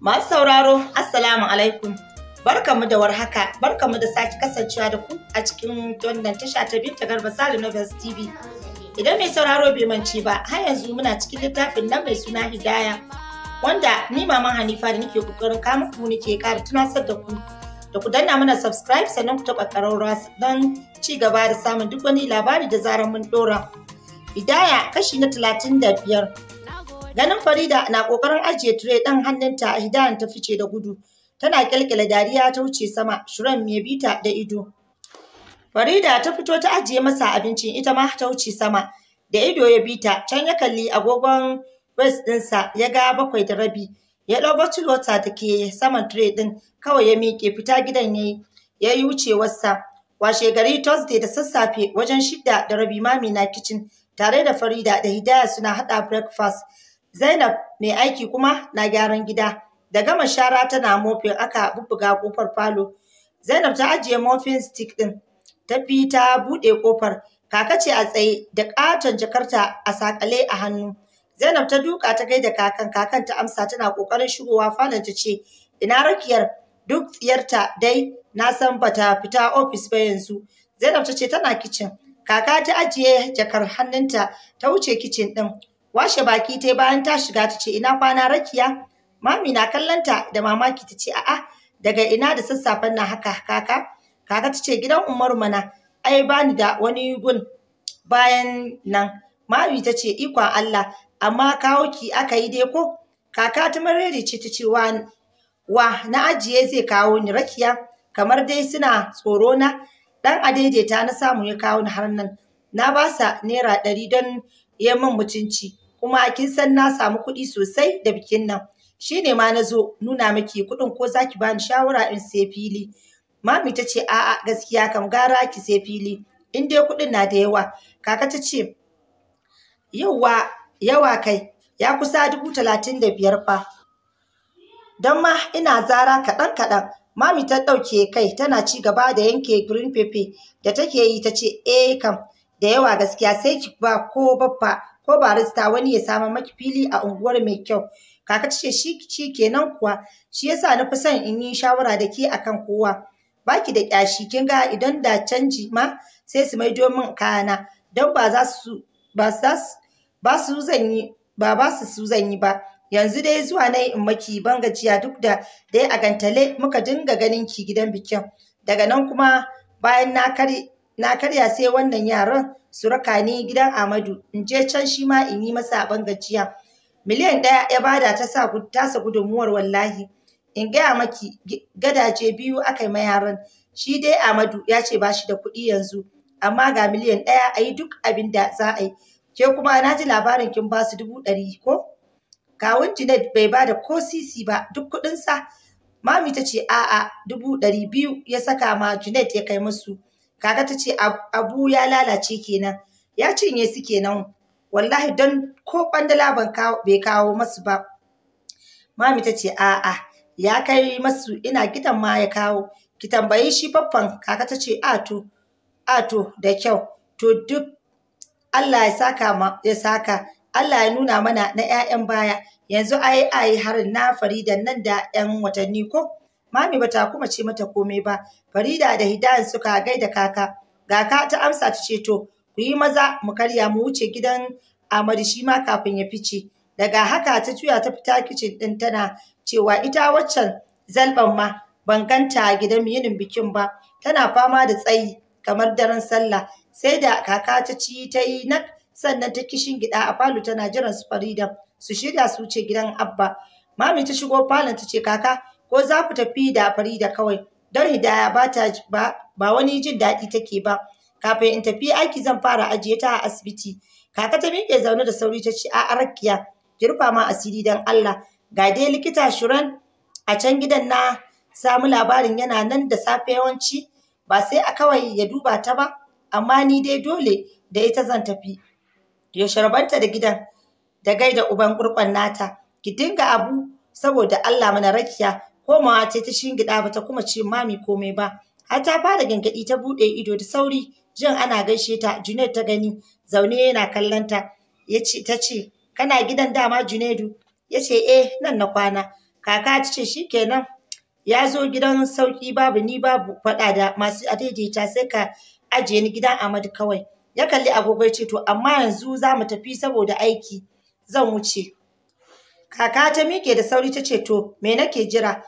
Masu sauraro, Assalamu alaikum. barka mu da warhaka, mu da sake kasancewa da ku a cikin wannan tasha ta Binta Garba Sali Novels TV. Idan mai sauraro bai mance ba, har yanzu muna cikin littafin na mai suna Hidaya. Wanda ni maman Hanifa da nake kokarin kama ku nake kara tunasar da ku. Da ku danna mana subscribe sannan ku taɓa ƙararrawa don ci gaba da samun duk wani labari da zarar mun ɗora. Hidaya kashi na talatin da biyar Ganin Farida na ƙoƙarin ajiye tire dan hannunta Hidayan ta fice da gudu. Tana ƙyalƙyala dariya ta wuce sama, Shirin mai bita da ido. Farida ta fito ta ajiye masa abinci, ita ma ta wuce sama. Da ido ya bita, can ya kalli agogon wes ɗinsa ya ga bakwai da rabi. Ya ɗau bacilota da ke saman tire ɗin kawai ya miƙe fita gidan ya yi. Ya yi wucewarsa. Washe gari Thursday da sassafe wajen shidda da rabi mami na kicin tare da Farida da Hidaya suna haɗa breakfast. Zainab mai aiki kuma na gyaran gida. Da gama shara tana mofin aka bubuga kofar falo. Zainab ta ajiye mofin stick ɗin. Ta fi ta buɗe kofar. Kaka ce a tsaye da ƙaton jakarta a sakale a hannu. Zainab ta duka ta kai da kakan kakan ta amsa tana ƙoƙarin shigowa falon ta ce ina rakiyar duk tsiyarta dai na san bata fita ofis ba yanzu. Zainab ta ce tana kicin. Kaka ta ajiye jakar hannunta ta wuce kicin ɗin. washe baki ta bayan ta shiga ta ce ina kwana rakiya mami na kallanta da mamaki ta ce a'a daga ina da sassafen na haka kaka kaka ta ce gidan umaru mana ai bani da wani gun bayan nan mami ta ce ikon allah amma kawo ki aka yi dai ko kaka ta marere ce ta ce wa wa na ajiye zai kawo ni rakiya kamar dai suna tsoro na dan adaidaita na samu ya kawo ni har nan na ba sa naira ɗari don ya min mutunci kuma kin san na samu kuɗi sosai da bikin nan shi ne ma na zo nuna miki kuɗin ko za ki bani shawara in sai fili mami ta ce a'a gaskiya kam gara ki sai fili in dai kuɗin na da yawa kaka ta ce yawa yawa kai ya kusa dubu talatin da biyar fa don ma ina zara kaɗan kaɗan mami ta ɗauke kai tana ci gaba da yanke green pepper da take yi ta ce eh kam da yawa gaskiya sai ki ba ko babba. ko barista wani ya samu maki fili a unguwar mai kyau kaka ce shi kenan kuwa shi yasa na fi son in yi shawara da ke akan kowa baki da kyashi kin ga idan da canji ma sai su maido min kayana don ba za su ba ba su zan yi ba ba su su zan ba yanzu dai zuwa na in maki ban gajiya duk da dai a gantale muka dinga ganin ki gidan bikin daga nan kuma bayan na kare na karya sai wannan yaran su raka ni gidan Amadu in je can shi ma in yi masa abin gajiya miliyan ɗaya ya bada ta sa tasa gudunmuwar wallahi in gaya maki gadaje biyu aka ma yaran shi dai Amadu ya ce ba shi da kuɗi yanzu amma ga miliyan ɗaya a yi duk abin da za a yi ke kuma na ji labarin kin ba su dubu ɗari ko kawun Junaid bai ba da ko sisi ba duk kuɗinsa mami ta ce a'a dubu ɗari biyu ya saka ma Junaid ya kai musu Kaka ta ce abu ya lalace kenan, ya cinye su kenan. Wallahi don ko ƙwandala bai kawo masu ba. Mami ta ce a'a ya kai masu ina gidan ma ya kawo. Ki tambayi shi babban kaka ta ce a to! a to! da kyau. To duk Allah ya saka ma ya saka Allah ya nuna mana na 'ya'yan baya yanzu ai ai harin na Farida nan da 'yan watanni ko Mami ba ta kuma ce mata komai ba. Farida da Hidayat suka gaida kaka. Kaka ta amsa ta ce to ku yi maza mu karya mu wuce gidan Amadu shi ma kafin ya fice. Daga haka ta juya ta fita kicin ɗin tana cewa ita waccan zalban ma ban ganta a gidan yinin bikin ba. Tana fama da tsayi kamar daren sallah sai da kaka ta ci ta yi nak sannan ta kishin gida a falo tana jiran su Farida su shirya su wuce gidan Abba. Mami ta shigo falon ta ce kaka ko za ku tafi da da kawai don Hidaya ba ta ba ba wani jin daɗi take ba kafin in tafi aiki zan fara ajiye ta a asibiti kaka ta miƙe zaune da sauri ta ce a rakiya ki ma asiri don Allah ga dai likita Shuran a can gidan na samu labarin yana nan da safe yawanci ba sai a kawai ya duba ta ba amma ni dai dole da ita zan tafi ya sharbanta da gidan da gaida uban kurkon nata ki dinga abu saboda Allah mana rakiya komawa ce ta shingiɗa ba ta kuma ce mami komai ba har ta fara gangaɗi ta buɗe ido da sauri jin ana gaishe ta Junaid ta gani zaune yana kallon ta yace ta ce kana gidan dama Junaidu yace eh nan na kwana kaka ta ce shikenan ya zo gidan sauki babu ni babu faɗa da masu adaidaita sai ka ajiye ni gidan Amadu kawai ya kalli agogo ya ce to amma yanzu za mu tafi saboda aiki zan wuce Kaka ta miƙe da sauri ta ce to me nake jira?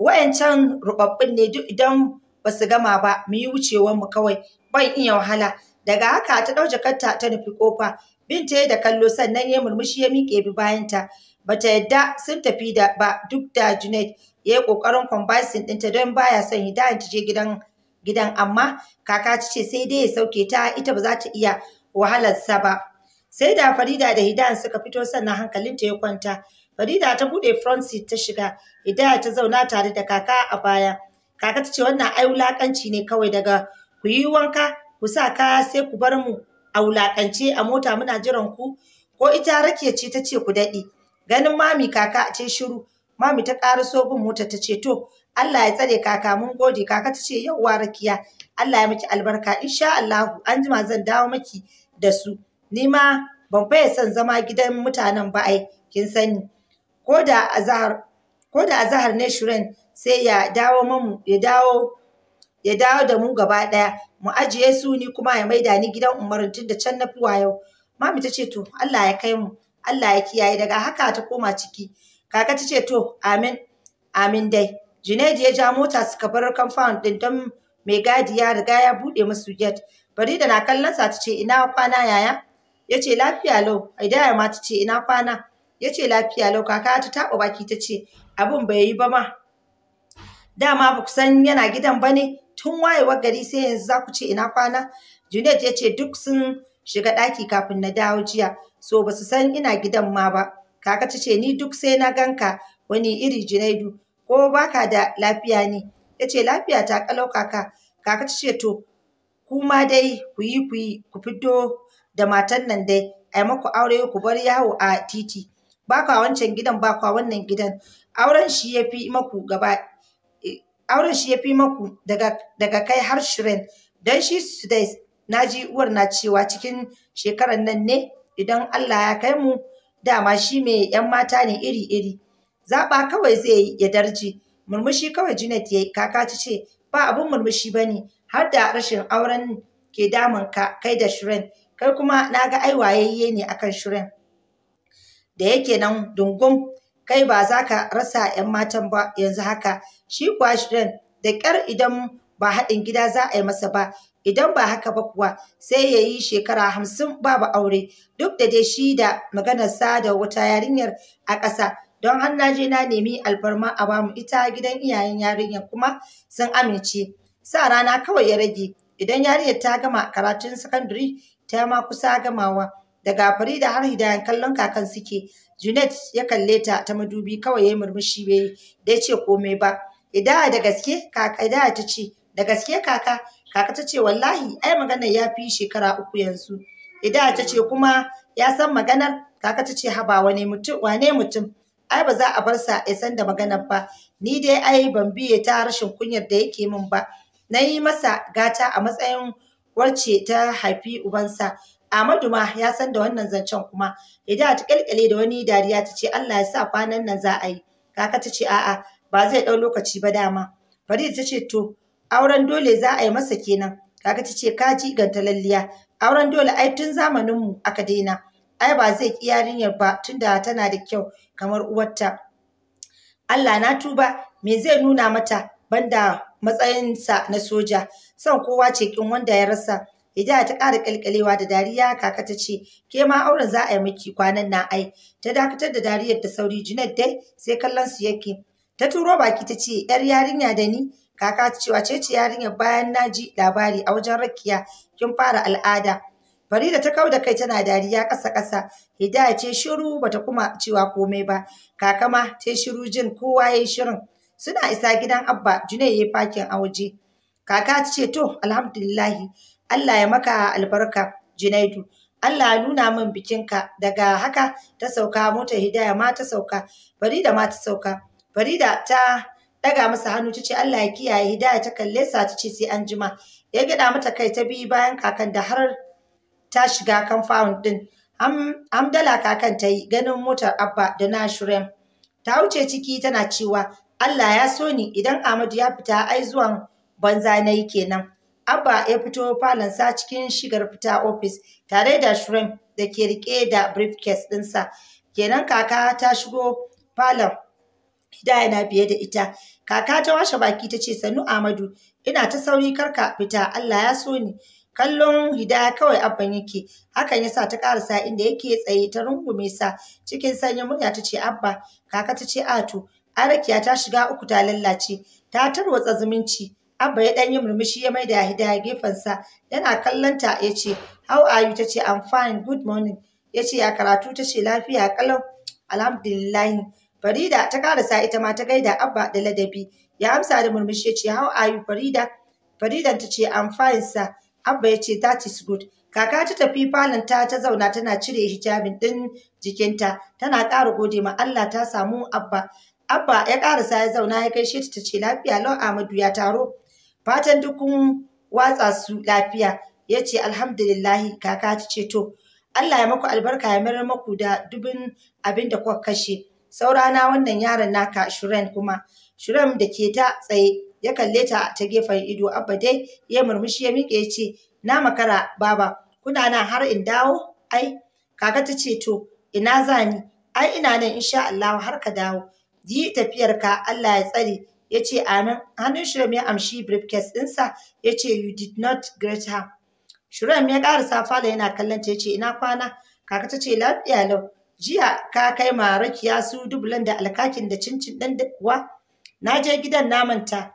Wayancan rubabbin ne duk idan ba su gama ba mu yi wucewar mu kawai ban iya wahala. Daga haka ta ɗau jakarta ta nufi kofa. Binta da kallo sannan ya murmushi ya miƙe bi bayanta. Bata yadda sun tafi da ba duk da Junaid ya yi ƙoƙarin kwambasin ɗinta don baya son Hidayat ta je gidan gidan amma kaka ta ce sai dai ya sauke ta ita ba za ta iya wahalarsa ba. sai da Farida da Hidaya suka fito sannan hankalinta ya kwanta Farida ta bude front seat ta shiga Hidaya ta zauna tare da kaka a baya kaka ta ce wannan ai wulakanci ne kawai daga ku yi wanka ku sa kaya sai ku bar mu a wulakance a mota muna jiran ku ko ita rake ce ta ce ku daɗe ganin mami kaka ce shiru mami ta ƙara gun mota ta ce to Allah ya tsare kaka mun gode kaka ta ce yauwa rakiya Allah ya miki albarka insha Allah an jima zan dawo miki da su Ni ma ban faye son zama gidan mutanen ba ai kin sani. Ko da azahar ko ne shirin sai ya dawo mamu ya dawo ya dawo da mu gaba ɗaya mu ajiye su ni kuma ya maida ni gidan umarin da can na fiwa yau. Mami ta ce to Allah ya kai mu Allah ya kiyaye daga haka ta koma ciki. Kaka ta ce to amin amin dai. Junaidi ya ja mota suka bar compound din don mai gadi ya riga ya buɗe musu gate. Farida na kallon sa ta ce ina kwana yaya? ya ce lafiya lau haidara ma ta ce ina kwana ya ce lafiya lau kaka ta taɓa baki ta ce abin bai yi ba ma dama ba ku san yana gidan ba ne tun wayewar gari sai yanzu za ku ce ina kwana junet ya ce duk sun shiga ɗaki kafin na dawo jiya so ba su san ina gidan ma ba kaka ta ce ni duk sai na ganka wani iri junaidu ko baka da lafiya ne ya ce lafiya ta kalau kaka kaka ta ce to kuma dai ku yi ku yi ku fito da matan nan dai yi maku aure ku bar yawo a titi ba kwa wancan gidan ba kwa wannan gidan auren shi ya fi maku gaba eh, auren shi ya fi maku daga kai har shirin Don shi su dai na ji uwar na cewa cikin shekarar nan ne idan Allah ya kai mu dama shi mai yan mata ne iri iri zaɓa kawai zai ya darji murmushi kawai Junet ya yi kaka ta ce ba abun murmushi ba ne har da rashin auren ke damun kai da shirin kai kuma na ga ai wayayye ne akan shirin da yake nan dungum kai ba za ka rasa 'yan matan ba yanzu haka shi kuwa shirin da ƙyar idan ba haɗin gida za a yi masa ba idan ba haka ba kuwa sai ya yi shekara hamsin babu aure duk da dai shi da sa da wata yarinyar a ƙasa don har na je na nemi alfarma a bamu ita gidan iyayen yarinyar kuma sun amince sa rana kawai ya rage idan yarinyar ta gama karatun sakandare ta ma kusa gamawa daga da har Hidayan kallon kakan suke Junet ya kalle ta ta madubi kawai yi murmushi bai ya ce komai ba Hidaya da gaske kaka Hidaya ta ce da gaske kaka kaka ta ce wallahi ai maganar ya fi shekara uku yanzu Hidaya ta ce kuma ya san maganar kaka ta ce haba wane mutum wane mutum ai ba za a bar sa ya san da maganar ba ni dai ai ban biye ta rashin kunyar da yake min ba na yi masa gata a matsayin wacce ta haifi ubansa Amadu ma ya san da wannan zancen kuma idan ta kalkale da wani dariya ta ce Allah ya sa kwanan nan za a yi kaka ta ce a'a ba zai ɗau lokaci ba dama Farida ta ce to auren dole za a yi masa kenan kaka ta ce ganta lalliya. auren dole ai tun zamanin mu aka daina ai ba zai ki yarinyar ba tunda tana da kyau kamar uwarta Allah na tuba me zai nuna mata banda matsayinsa na soja son kowa ce kin wanda ya rasa Hidaya ta ƙara ƙalƙalewa da dariya kaka ta ce, ke ma auren za a yi miki kwanan na ai. Ta dakatar da dariyar da sauri jinar dai sai kallon su yake. Ta turo baki ta ce, ‘yar yarinya da ni, kaka ta ce, wace ce yarinya bayan na ji labari a wajen rakiya kin fara al'ada. Farida ta kau da kai tana dariya ƙasa-ƙasa, Hidaya ce shiru bata kuma cewa komai ba, kaka ma ta shiru jin kowa ya yi shirin. Suna isa gidan Abba Junai ya fakin a waje. Kaka ta ce to alhamdulillahi Allah ya maka albarka Junaidu. Allah ya nuna min bikin ka. daga haka ta sauka motar hidaya ma ta sauka Farida ma ta sauka Farida ta daga masa hannu ta ce Allah ya kiyaye hidaya ta kalle sa ta ce sai an jima ya gida mata kai ta bi bayan kakan da har ta shiga kamfawun din Hamdala kakan ta yi ganin motar Abba da na Ta wuce ciki tana cewa Allah ya so ni idan Ahmadu ya fita ai zuwan banza na yi kenan. Abba ya fito falonsa cikin shigar fita ofis tare da Shrem da ke rike da briefcase ɗinsa. Kenan kaka ta shigo falon Hidaya na biye da ita. Kaka ta washe baki ta ce sannu Ahmadu ina ta sauri karka fita Allah ya so ni. Kallon Hidaya kawai abban yake hakan yasa ta karasa inda yake tsaye ta rungume sa cikin sanyin murya ta ce abba kaka ta ce ato Arakiya ta shiga uku ta lallace, ta tarwatsa zumunci. Abba ya ɗan yi murmushi ya maida hidaya gefensa yana kallon ta ya ce, How are you? ta ce, I'm fine, good morning. Ya ce, Ya karatu ta ce, Lafiya kalau. Alhamdulillahi. Farida ta karasa ita ma ta gaida Abba da ladabi. Ya amsa da murmushi ya ce, How are you, Farida? Faridan ta ce, I'm fine, sir. Abba ya ce, That is good. Kaka ta tafi falon ta ta zauna tana cire hijabin ɗin jikinta, tana ƙara gode ma Allah ta samu Abba. Abba ya karasa ya zauna ya gaishe ta ce lafiya lau Amadu ya taro. Fatan duk watsa su lafiya. Ya ce alhamdulillahi kaka ta ce to Allah ya maku albarka ya mayar maku da dubin abin da kuka kashe. Saurana wannan yaron naka Shuren kuma. Shuren da ke ta tsaye ya kalle ta ta gefen ido Abba dai ya murmushi ya miƙe ya ce na makara baba kuna nan har in dawo ai kaka ta ce to ina za ni? ai ina nan insha Allah har ka dawo tafiyar ka Allah ya tsare ya ce amin hannun Shirem ya amshi briefcase ɗinsa ya ce you did not great her Shirem ya sa falo yana kallon ta ya ina kwana kaka ta ce lafiya lau jiya ka kai ma rakiya su Dublan da alkakin da cincin ɗan kuwa na je gidan namanta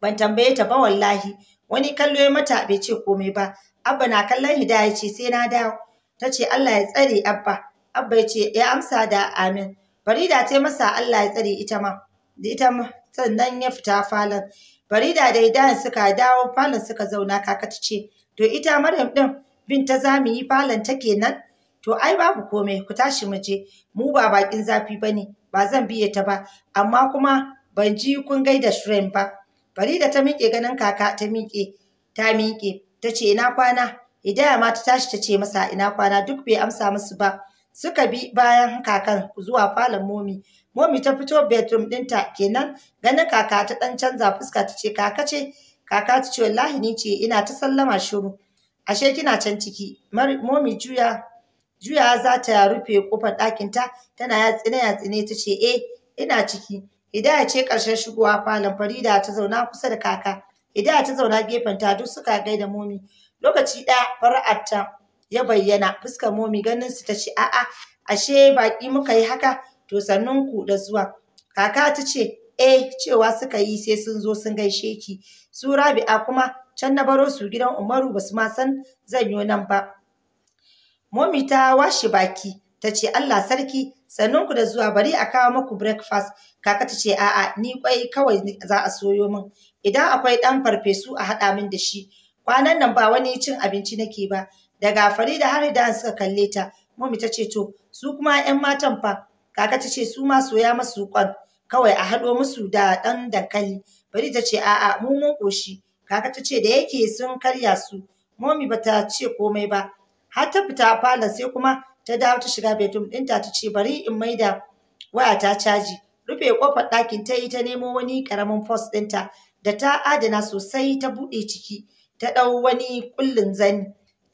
ban tambaye ta ba wallahi wani kallo ya mata bai ce komai ba abba na kallon hidaya ce sai na dawo ta ce Allah ya tsare abba abba ya ce ya amsa da amin Farida ta masa Allah ya tsare ita ma da ita ma sannan ya fita falon Farida da Idan suka dawo falon suka zauna kaka ta ce to ita Maryam din bin ta zamu yi falon ta kenan to ai babu komai ku tashi mu je mu ba bakin zafi bane ba zan biye ta ba amma kuma ban ji kun gaida Shrem ba Farida ta miƙe ganin kaka ta miƙe ta miƙe ta ce ina kwana Hidaya ma ta tashi ta ce masa ina kwana duk bai amsa musu ba suka bi bayan kakan zuwa falon momi momi ta fito bedroom ɗinta kenan ganin kaka ta ɗan canza fuska ta ce kaka ce kaka ta ce wallahi ni ce ina ta sallama shiru ashe kina can ciki momi juya juya za ta rufe kofar ɗakinta tana yatsine yatsine ta ce eh ina ciki hidaya ce ƙarshen shigowa falon farida ta zauna kusa da kaka hidaya ta zauna gefen ta duk suka gaida momi lokaci ɗaya fara'ar ta ya bayyana fuskar momi ganin su ta ce a'a ashe baki muka yi haka to sannun ku da zuwa kaka ta ce eh cewa suka yi sai sun zo sun gaishe ki su rabi'a kuma can na baro su gidan umaru basu ma san zan yi nan ba momi ta washe baki ta ce allah sarki sannun ku da zuwa bari a kawo muku breakfast kaka ta ce a'a ni kwai kawai za a soyo min idan akwai dan farfesu a haɗa min da shi kwanan nan ba wani cin abinci nake ba daga da har da suka kalle ta mami ta ce to su kuma ƴan matan fa kaka ta ce su ma soya masu kwan kawai a haɗo musu da ɗan dankali Fari ta ce a'a mu mun koshi kaka ta ce da yake sun karya su ba ta ce komai ba har ta fita falon sai kuma ta dawo ta shiga bedroom ɗinta ta ce bari in maida waya ta caji rufe kofar ɗakin ta yi ta nemo wani ƙaramin fos ɗinta da ta adana sosai ta buɗe ciki ta ɗau wani ƙullin zani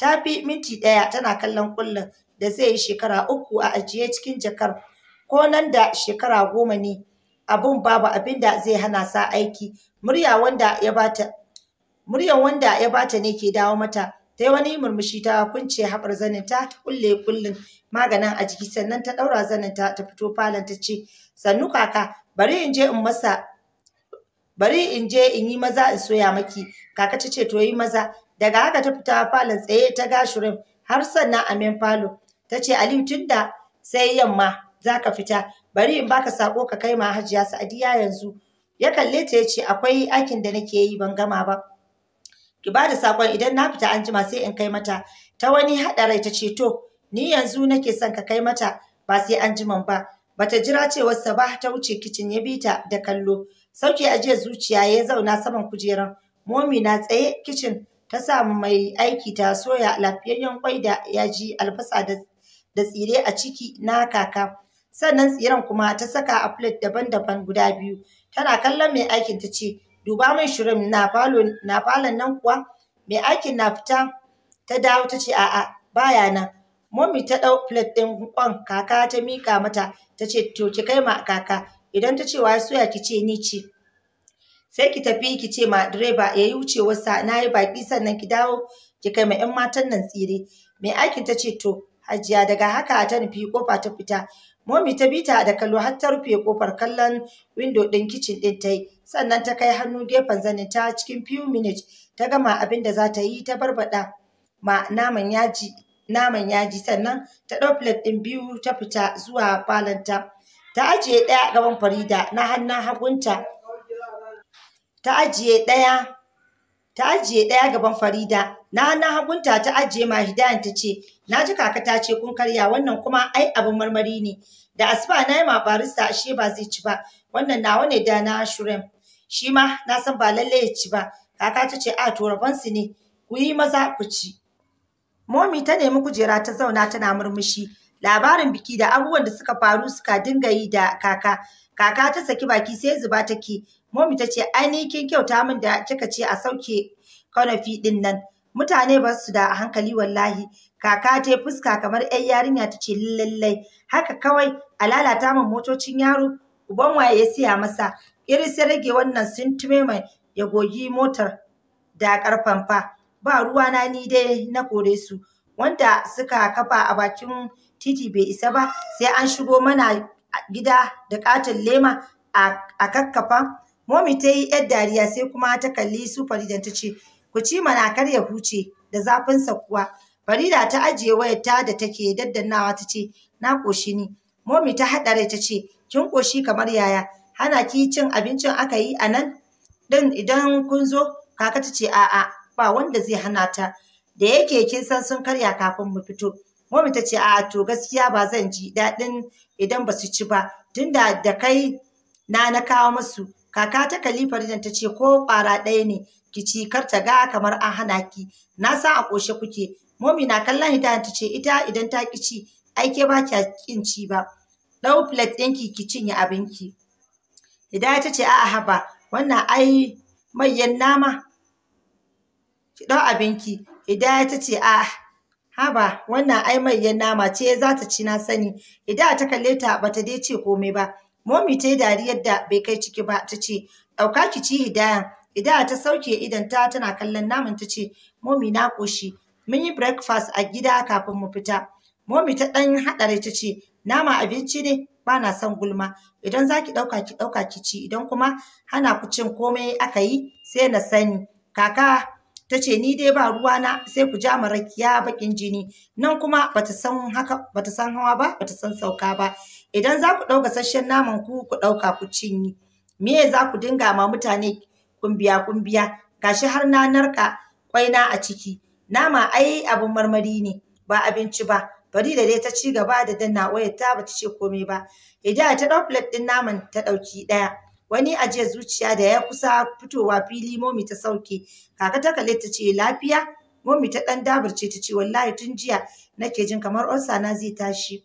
ta fi minti ɗaya tana kallon kullum da zai yi shekara uku a ajiye cikin jakar ko nan da shekara goma ne abun babu abin da zai hana sa aiki murya wanda ya bata ne ke dawo mata ta yi wani murmushi ta kunce haɓar zanin ta kulle kullum maganin a jiki sannan ta ɗaura zanin ta ta fito falon ta ce sannu kaka bari in je in masa bari in je in yi maza in soya maki kaka ta ce to yi maza daga haka ta fita falon tsaye ta gashirin har sannan min falo ta ce aliyu da sai yamma za ka fita bari in baka sako ka kai ma hajiya sa'adiya yanzu ya kalle ta ya ce akwai aikin da nake yi ban gama ba ki ba da sakon idan na fita an jima sai in kai mata ta wani haɗa rai ta ce to ni yanzu nake son ka kai mata ba sai an jiman ba bata jira cewarsa ba ta wuce kicin ya bi ta da kallo sauke ajiyar zuciya ya zauna saman kujeran momi na tsaye kicin ta samu mai aiki ta soya lafiyayyen kwai da yaji albasa da tsire a ciki na kaka sannan tsiren kuma ta saka a plate daban-daban guda biyu tana kallon mai aikin ta ce duba mai shirin na falon nan kuwa mai aikin na fita ta dawo ta ce a'a baya nan mommy ta ɗau plate ɗin kwan kaka ta mika mata ta ce to ki kai ma kaka idan ta ce wa soya ki ce ni ce sai ki tafi ki ce ma direba ya eh, yi wucewarsa na yi baƙi sannan ki dawo ki kai ma 'yan matan nan tsire mai aikin ta ce to hajiya daga haka ta nufi kofa ta fita momi ta bi ta da kallo har ta rufe kofar kallon windo ɗin kicin ɗin ta yi sannan ta kai hannu gefen zanin ta cikin few minutes ta gama abin da za ta yi ta barbaɗa ma naman yaji naman yaji sannan ta ɗau plate ɗin biyu ta fita zuwa falon ta ta ajiye ɗaya gaban farida na hannun hagunta ta ajiye ɗaya ta ajiye ɗaya gaban Farida na hannun hagunta ta ajiye ma Hidayan ta ce na ji kaka ta ce kun karya wannan kuma ai abin marmari ne da asuba na yi ma barista ashe ba zai ci ba wannan nawa ne da na shirin shi ma na san ba lalle ya ci ba kaka ta ce a to su ne ku yi maza ku ci momi ta nemi kujera ta zauna tana murmushi labarin biki da abubuwan da suka faru suka dinga yi da kaka kaka ta saki baki sai zuba take Momi ta ce ai ni kin kyauta min da kika ce a sauke kanofi din nan. Mutane ba su da hankali wallahi. Kaka ta fuska kamar 'yan yarinya ta ce lallai haka kawai a lalata min motocin yaro uban waye ya siya masa iri sai rage wannan sintume mai ya gogi motar da karfan fa ba ruwa na ni dai na kore su wanda suka kafa a bakin titi bai isa ba sai an shigo mana gida da katin lema a kakkafa Momi ta yi ‘yar dariya sai kuma ta kalli su Farida ta ce, ku ci mana kar ya huce da zafinsa kuwa. Farida ta ajiye wayar ta da take daddannawa ta ce, na ƙoshi ni. Momi ta haɗa rai ta ce, kin ƙoshi kamar yaya, hana ki cin abincin aka yi a nan? Ɗin idan kun zo, kaka ta ce, a'a, ba wanda zai hana ta. Da yake kin san sun karya kafin mu fito. Momi ta ce, a'a to gaskiya ba zan ji daɗin idan ba su ci ba, tunda da kai na na kawo musu kaka ta Khalifa da ta ce ko ƙwara ɗaya ne ki ci kar ta ga kamar an hana ki na sa a ƙoshe kuke momi na kallon ita ta ce ita idan ta ki ci ai ke ba kya kin ci ba ɗau plate ɗinki ki cinye abinki Hidaya ta ce a'a haba wannan ai manyan nama ki ɗau ki Hidaya ta ce a'a haba wannan ai mayan nama ce za ta ci na sani Hidaya ta kalle ta bata dai ce komai ba Momi ta yi dariyar da bai kai ciki ba ta ce, ɗauka ki ci hidaya. Hidaya ta sauke idon ta tana kallon naman ta ce, Momi na ƙoshi, mun yi breakfast a gida kafin mu fita. Momi ta ɗan haɗare ta ce, nama abinci ne ba na son gulma, idan za ki ɗauka ki ɗauka ki ci, idan kuma hana ku cin komai aka yi sai na sani. Kaka ta ce ni dai ba ruwa na sai ku ja marakiya baƙin jini, nan kuma bata san haka bata san hawa ba bata san sauka ba. Idan za ku ɗauka sashen naman ku ku ɗauka ku cinye. Me za ku dinga ma mutane kumbiya kumbiya Ga shi har na narka kwaina a ciki. Nama ai abin marmari ne ba abinci ba. Bari da dai ta ci gaba da danna wayar ta bata ce komai ba. Idan ta ɗau plate ɗin naman ta ɗauki ɗaya. Wani jiya zuciya da ya kusa fitowa fili momi ta sauke. Kaka ta kalle ta ce lafiya. Momi ta ɗan dabarce ta ce wallahi tun jiya nake jin kamar ulsa na zai tashi.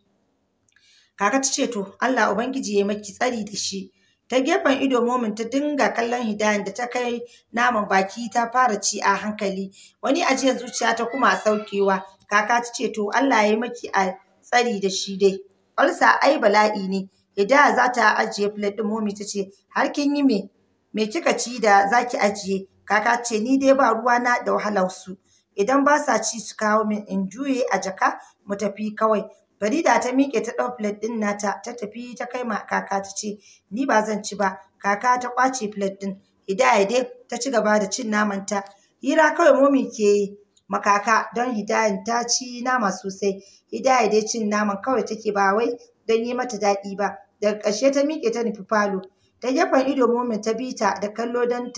Kaka ta ce to Allah Ubangiji ya maki tsari da shi. Ta gefen ido momin ta dinga kallon hidayen da ta kai naman baki ta fara ci a hankali. Wani ajiyar zuciya ta kuma saukewa. Kaka ta ce to Allah ya maki a tsari da shi dai. Olsa ai bala'i ne. Hidaya za ta ajiye filet ɗin momi ta ce har kin yi me? Me kika ci da zaki ki ajiye? Kaka ce ni dai ba ruwa na da wahalar su. Idan ba sa ci su kawo min in juye a jaka mu tafi kawai. Farida ta miƙe ta ɗau plate ɗin nata ta tafi ta kai ma kaka ta ce ni ba zan ci ba kaka ta ƙwace plate ɗin Hidaya dai ta ci gaba da cin naman ta hira kawai momi ke yi kaka don Hidayan ta ci nama sosai Hidaya dai cin naman kawai take ba wai don yi mata daɗi ba daga ƙarshe ta miƙe ta nufi falo ta gefen ido momin ta bi ta da kallo don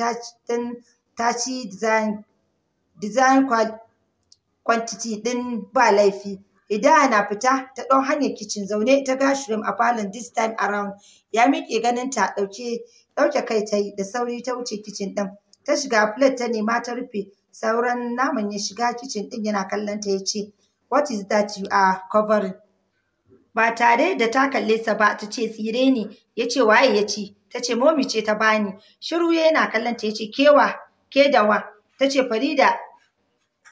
ta ci design quantity ɗin ba laifi Ida na fita ta ɗau hanyar kicin zaune ta gashirim a falon this time around ya miƙe ganin ta ɗauke ɗauke kai ta yi da sauri ta wuce kicin ɗin. Ta shiga plate ta nema ta rufe sauran naman ya shiga kicin ɗin yana kallon ta ya ce what is that you are covering. Ba tare da ta kalle sa ba ta ce tsire ne ya ce waye ya ce ta momi ce ta bani shiru yana kallon ta kewa ke dawa ta ce farida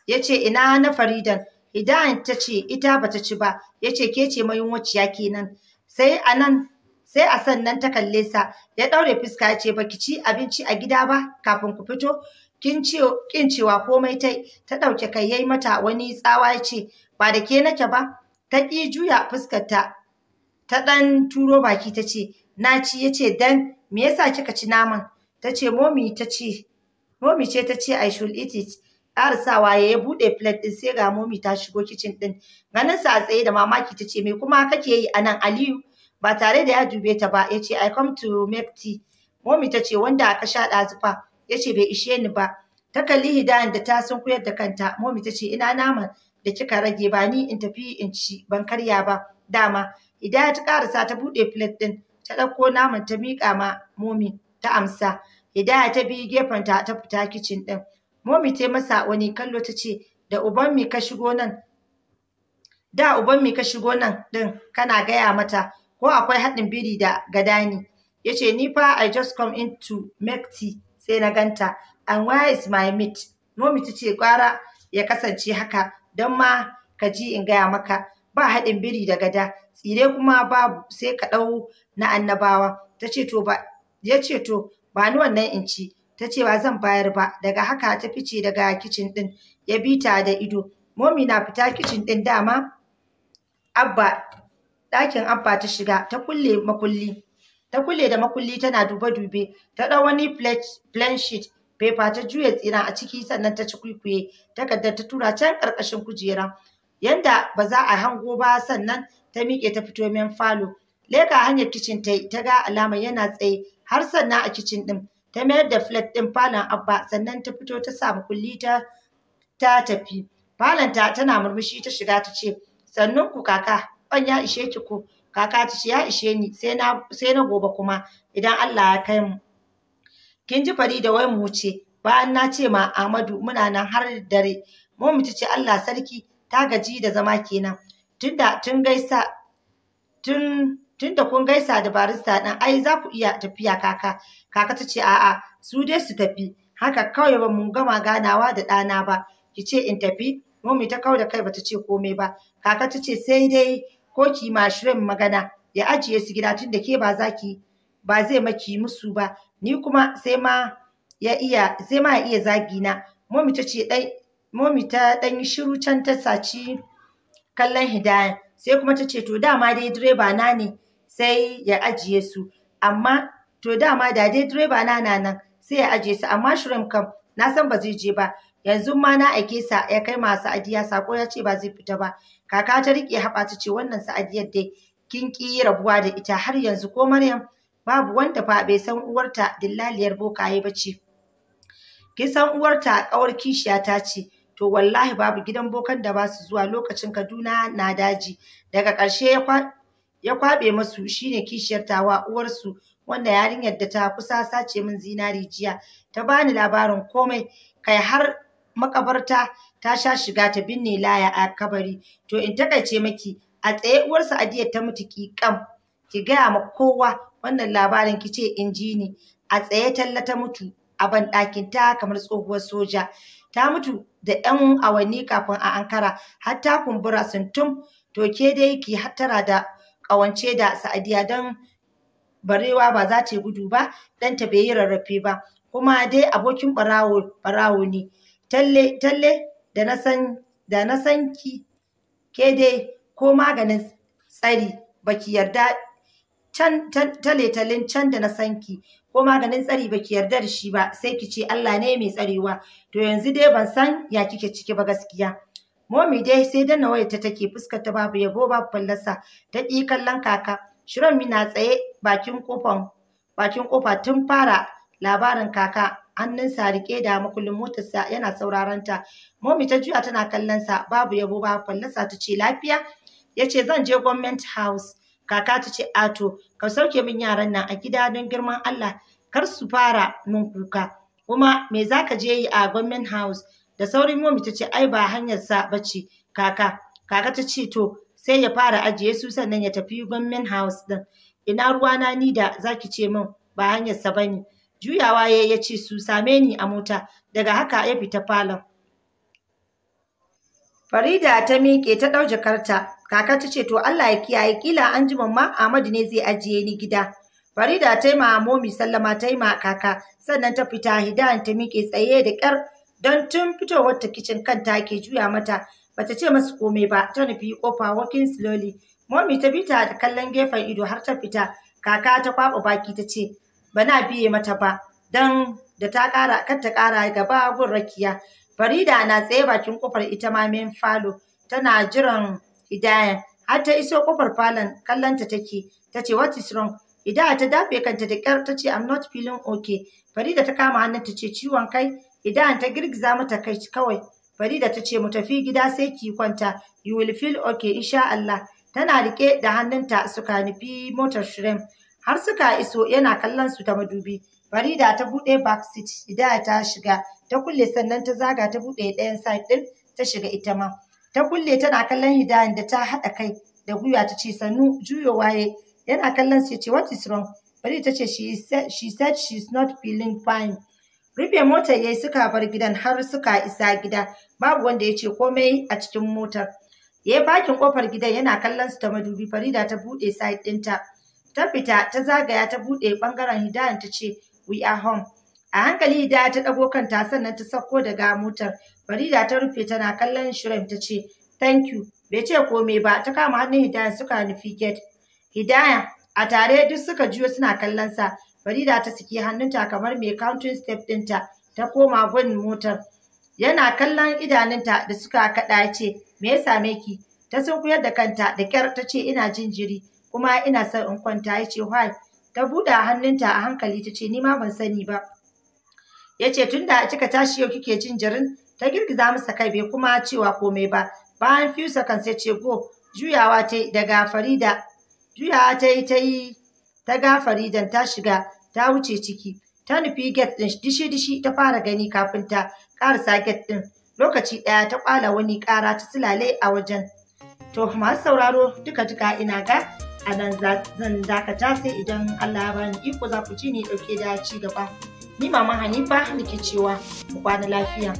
ya ce ina na faridan Hidayan ta ce ita ba ta ci ba, ya ce ke ce mayunwaciya kenan. Sai a nan sai a sannan ta kalle sa ya ɗaure fuska ya ce baki ci abinci a gida ba kafin ku fito kin cewa komai tai ta ɗauke kai yayi mata wani tsawa ya ce ba da ke nake ba ta ƙi juya fuskar ta ta ɗan turo baki ta ce na ci ya ce dan me yasa kika ci naman ta ce momi ta ce momi ce ta ce I should eat it Karisawa ya ya buɗe plate ɗin sai ga momi ta shigo kicin ɗin. Ganin sa tsaye da mamaki ta ce me kuma kake yi a nan Aliyu? Ba tare da ya dube ta ba ya ce I come to make tea. Momi ta ce wanda aka sha ɗazufa ya ce bai ishe ni ba. Ta kalli hidayan da ta kuyar da kanta. Momi ta ce ina naman da kika rage ba ni in tafi in ci ban karya ba dama. Hidaya ta karasa ta buɗe plate ɗin ta ɗauko naman ta miƙa ma momi ta amsa. Hidaya ta bi gefenta ta fita kicin ɗin. momi ta masa wani kallo ta ce da uban mi ka shigo nan da uban mi ka shigo nan din kana gaya mata ko akwai haɗin biri da gadani ya ce ni fa I just come in to make tea sai na ganta and where is my meat momi ta ce kwara ya kasance haka don ma ka ji in gaya maka ba haɗin biri da gada tsire kuma babu sai ka ɗau na annabawa ta to ba ya ce to ba ni wannan in ci ta ce ba zan bayar ba daga haka ta fice daga kicin ɗin ya bi ta da ido momi na fita kicin ɗin dama abba ɗakin abba ta shiga ta kulle makulli ta kulle da makulli tana duba dube ta ɗau wani plan sheet paper ta juya tsira a ciki sannan ta ci kwaikwaye takardar ta tura can ƙarƙashin kujera yanda ba za a hango ba sannan ta miƙe ta fito men falo leka hanyar kicin ta ta ga alama yana tsaye har sannan a kicin ɗin ta mayar da flat ɗin falon abba sannan ta fito ta sa kulli ta ta tafi falon ta tana murmushi ta shiga ta ce sannun ku kaka ban ya ishe ki ko kaka ta ce ya ishe ni sai na sai na gobe kuma idan Allah ya kai mu kin ji fari da wai mu wuce bayan na ce ma Ahmadu muna nan har dare mu mu ce Allah sarki ta gaji da zama kenan tunda tun gaisa tun tunda kun gaisa da barista ɗin ai za ku iya tafiya kaka Kaka ta ce a'a su dai su tafi haka kawai ba mu gama ganawa da ɗana ba ki ce in tafi Mummy ta kau da kai bata ce komai ba. Kaka ta ce sai dai ko ki ma shirin magana ya ajiye su gida tun da ke ba zaki ba zai maki musu ba. Ni kuma sai ma ya iya sai ma ya iya zagi na. Mummy ta ce dai Mummy ta dan yi shiru can ta saci kallon Hidaya. Sai kuma ta ce to dama dai direba na ne sai ya ajiye su. Amma To dama da dai direba na nan sai ya aje su amma shirin kam na san ba zai je ba. Yanzu ma na aike sa ya kai masu Sa'adiya sako ya ce ba zai fita ba. Kaka ta rike haɓa ta ce wannan Sa'adiyar dai kin ki rabuwa da ita har yanzu ko Maryam babu wanda fa bai san uwarta dillaliyar bokaye ba ce. Kin san uwarta kawar kishiya ta ce to wallahi babu gidan bokan da ba su zuwa lokacin Kaduna na daji daga ƙarshe ya kwaɓe masu shine kishiyar tawa uwarsu wanda yarinyar da ta kusa sace min zinari jiya ta bani labarin komai kai har makabarta ta sha shiga ta binne laya a kabari to in takaice maki a tsaye uwarsa adiya ta mutu ki kam ki gaya ma kowa wannan labarin ki ce in ji ni a tsaye talla ta mutu a ban ta kamar tsohuwar soja ta mutu da yan awanni kafin a ankara har ta kumbura sun tum to ke dai ki hattara da ƙawance da sa'adiya don barewa ba za ta yi gudu ba dan ta bai yi rarrafe ba kuma dai abokin ɓarawo ne talle talle da na san ki ke dai ko maganin tsari baki yarda can tale can da na san ki ko maganin tsari baki yarda da shi ba sai ki ce Allah ne mai tsarewa to yanzu dai ban san ya kike ciki ba gaskiya momi dai sai danna wayarta take fuskar ta babu yabo babu fallasa ta ƙi kallon kaka Shiromi na tsaye bakin kofan bakin kofa tun fara labarin kaka hannunsa rike da makullin motarsa yana sauraron ta. Momi ta juya tana kallon sa babu yabo ba fallasa ta ce lafiya yace zan je government house kaka ta ce ato ka sauke min yaran nan a gida don girman Allah kar su fara min kuka kuma me zaka je yi a government house da sauri momi ta ce ai ba hanyar sa bace kaka kaka ta ce to sai ya fara ajiye su sannan ya tafi gwamnan house din ina ruwana ni da zaki ce min ba hanyar sa ne juyawa ya ya ce su same ni a mota daga haka ya fita falon farida ta miƙe ta ɗau jakarta kaka ta ce to allah ya kiyaye kila an ji mamma ne zai ajiye ni gida farida ta yi ma momi sallama ta yi ma kaka sannan ta fita hidan ta miƙe tsaye da kyar don tun fitowar ta kicin kanta ke juya mata bata ce masu komai ba ta nufi kofa walking slowly momi ta bi ta da kallon gefen ido har ta fita kaka ta kwaba baki ta ce bana biye mata ba dan da ta kara kar ta kara gaba gun rakiya farida na tsaye bakin kofar ita ma min falo tana jiran hidaya har ta iso kofar falon kallonta take ta ce what is wrong hidaya ta dafe kanta da kyar ta ce i'm not feeling okay farida ta kama hannun ta ce ciwon kai Idan ta girgiza mata kai kawai Farida ta ce mu tafi gida sai ki kwanta you will feel okay insha Allah tana rike da hannunta suka nufi motar shrimp har suka iso yana kallon su ta madubi Farida ta bude back seat Hidaya ta shiga ta kulle sannan ta zaga ta bude ɗayan side din ta shiga ita ma ta kulle tana kallon Hidayan da ta haɗa kai da guya ta ce sannu juyo waye yana kallon su ya ce what is wrong Farida ta ce she said she not feeling fine rufe motar yayi suka bar gidan har suka isa gida babu wanda ya ce komai a cikin motar ya yi bakin kofar gidan yana kallon su ta madubi farida ta buɗe side ɗinta ta fita ta zagaya ta buɗe ɓangaren hidayan ta ce we are home a hankali hidaya ta ɗago kanta sannan ta sauko daga motar farida ta rufe tana kallon shirin ta ce thank you bai ce komai ba ta kama hannun hidayan suka nufi gate hidaya a tare duk suka juyo suna kallon sa Farida ta saki hannunta kamar mai counting step ɗinta ta koma gun motar. Yana kallon idanunta da suka kaɗa ce, me ya same ki? Ta sunkuyar da kanta da kyar ta ce ina jin jiri kuma ina son in kwanta ya ce why? Ta buɗe hannunta a hankali ta ce ni ma ban sani ba. Ya ce tunda kika tashi yau kike jin ta girgiza masa kai bai kuma cewa komai ba. Bayan few seconds ya ce go juyawa ta daga Farida juyawa ta yi ta yi ta ga Faridan ta shiga ta wuce ciki ta nufi get ɗin dishi-dishi ta fara gani kafin ta ƙarasa get ɗin lokaci ɗaya ta kwala wani kara ta silale a wajen to masu sauraro duka-duka ina ga a nan zan dakata sai idan Allah ya bani iko za ku ji ni dauke da ci gaba ni mama Hanifa nake cewa mu kwana lafiya